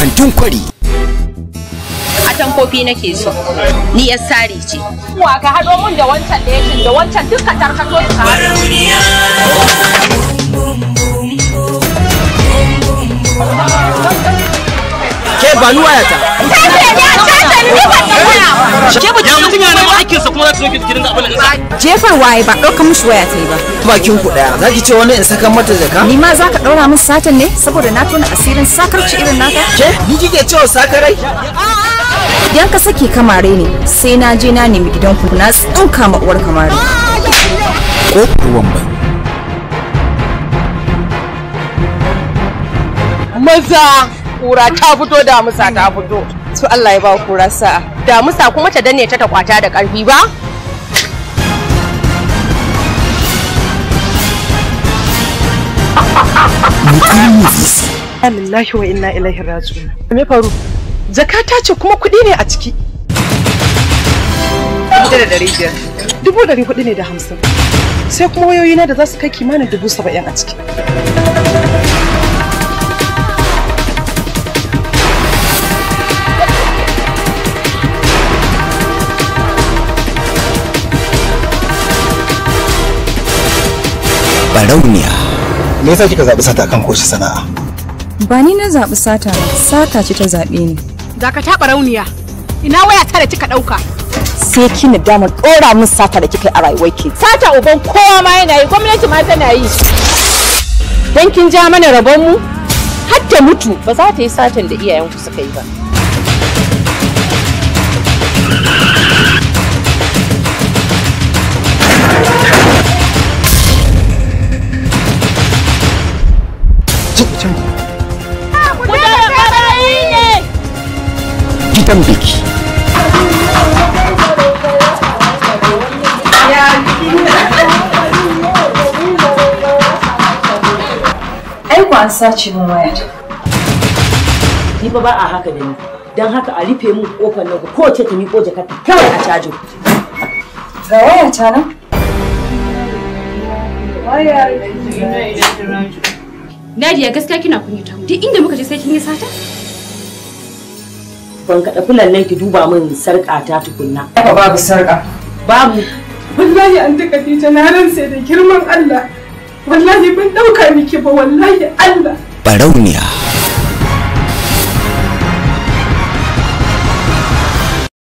kantin kwari. kofi nake so, ni ya sari ce. Wa ka haɗo mun da wancan da yake da wancan dukkan tarkato ka Ke ba luwayata. jefar waye ba ɗaukar mushi waya ta yi ba bakin ku ɗaya za ki ce wani in saka mata jaka ni ma za ka ɗaura min satan ne saboda na tona asirin sakarci irin naka ke ni kike cewa sakarai idan ka sake kamare ne sai na je na nemi gidan ku na tsinka ma uwar kamare ko ruwan ba maza kura ta fito da musa ta fito to Allah ya ba ku rasa da musa kuma ta danne ta ta kwata da karfi ba Alhamdulillahi wa inna ilaihi raji'un. Me faru? Zakata ce kuma kuɗi ne a ciki. Dubu ɗari hudu ne da hamsin. Sai kuma wayoyi na da za su kai kimanin dubu saba'in a ciki. sarauniya me yasa kika zaɓi sata kan koshi sana'a ba ni na zaɓi sata sata ce ta zaɓe ni za ka taɓa rauniya ina waya ta da kika ɗauka sai ki dama ɗora min sata da kika yi a rayuwar ki sata uban kowa ma yana yi gwamnati ma tana yi dan kin ja mana rabon mu har ta mutu ba za ta yi satan da iyayenku suka yi ba fatan biki ai ku an sace min ni ba ba a haka da ni dan haka a rufe min kofar nan ko ce ta miƙo jakarta kawai a cajo ga ta nan nadia gaskiya kina kunyata duk inda muka je sai kin yi sata ban kaɗa fulan nan ki duba min sarƙa ta tukunna. Haka babu sarƙa. Babu. Wallahi an ta Khadija na sai da girman Allah. Wallahi ban ɗauka miki ba wallahi Allah. Barauniya.